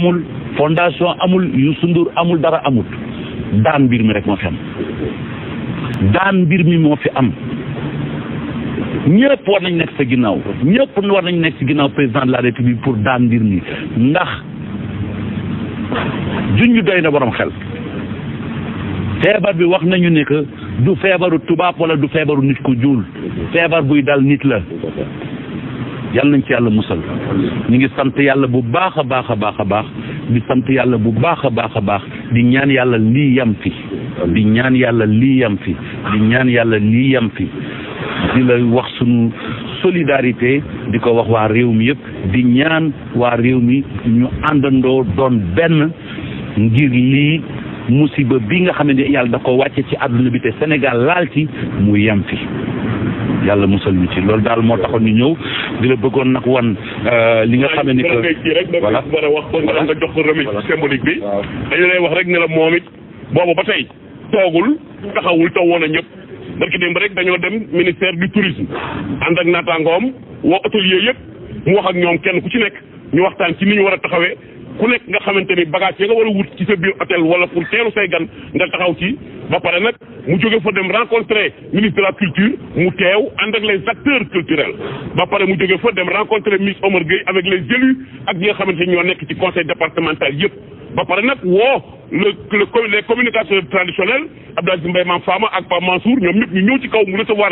amul fondation amul Youssou Ndour amul dara amul daan mbir mi rek moo fi am daan mbir mi moo fi am ñëpp war nañ nekk sa ginnaaw ñëpp war nañ nekk si ginnaaw président de la république pour daan mbir mi ndax junj doy na boroom xel feebar bi wax nañu ne que du feebaru tubaab wala du feebaru nit ku juul feebar buy dal nit la yàlla nañ ci yàlla musal ñu ngi sant yàlla bu baax a baax a baax a baax di sant yàlla bu baax a baax a baax di ñaan yàlla lii yam fi di ñaan yàlla lii yam fi di ñaan yàlla lii yam fi di la wax sunu solidarité di ko wax waa réew mi yëpp di ñaan waa réew mi ñu àndandoo doon benn ngir lii musiba bi nga xam ne yàlla da ko wàcce ci àdduna bi te Sénégal laal ci mu yam fi yalla musal ñu ci loolu dal mo taxoon ñu ñew di la bëggoon nag wan li nga xamé ni ko wala voilà wax ko nga jox ko remède symbolique bi dañ lay wax rek ne la momit bobu batay togul taxawul taw wona ñep ñëpp barki démb rek dañu dem ministère du tourisme and ak natangom wo atelier yëpp mu wax ak ñom kenn ku ci nek ñu waxtaan ci ni ñu wara taxawé ku nek nga xamanteni bagage nga wara wut ci sa biir hôtel wala pour teelu say gan nga taxaw ci ba paré nak Nous devons rencontrer le rencontrer ministre de la culture avec les acteurs culturels Nous devons rencontrer M. Omar avec les élus ak conseil départemental les communications traditionnelles, Abdoulaye Mbaye Fama Mansour nous ñu de ci kaw mu recevoir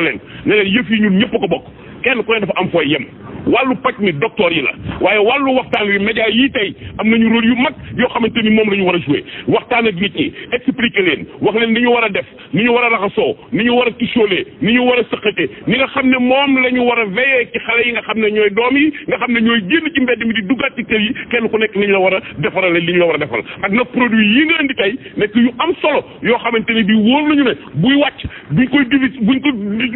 wàllu paj mi docteur yi la waaye wàllu waxtaan wi média yi tey am nañu rôle yu mag yoo xamante ni moom la ñu war a joué waxtaan ak nit ñi expliquer leen wax leen ni ñu war a def ni ñu war a raxasoo ni ñu war a tisoolee ni ñu war a sëqate ni nga xam ne moom la ñu war a veillé ci xale yi nga xam ne ñooy doom yi nga xam ne ñooy génn ci mbedd mi di duggaat ci kër yi kenn ku nekk ni ñu la war a defarale li ñu la war a defal ak nag produit yi nga indi tey nekk yu am solo yoo xamante ni bi wóor nañu ne buy wàcc buñ koy divis buñ ko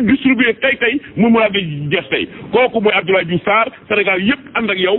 distribué tey tey mu mën a jeex tey kooku mooy Abdoulaye Diouf Sarr Sénégal yëpp ànd ak yow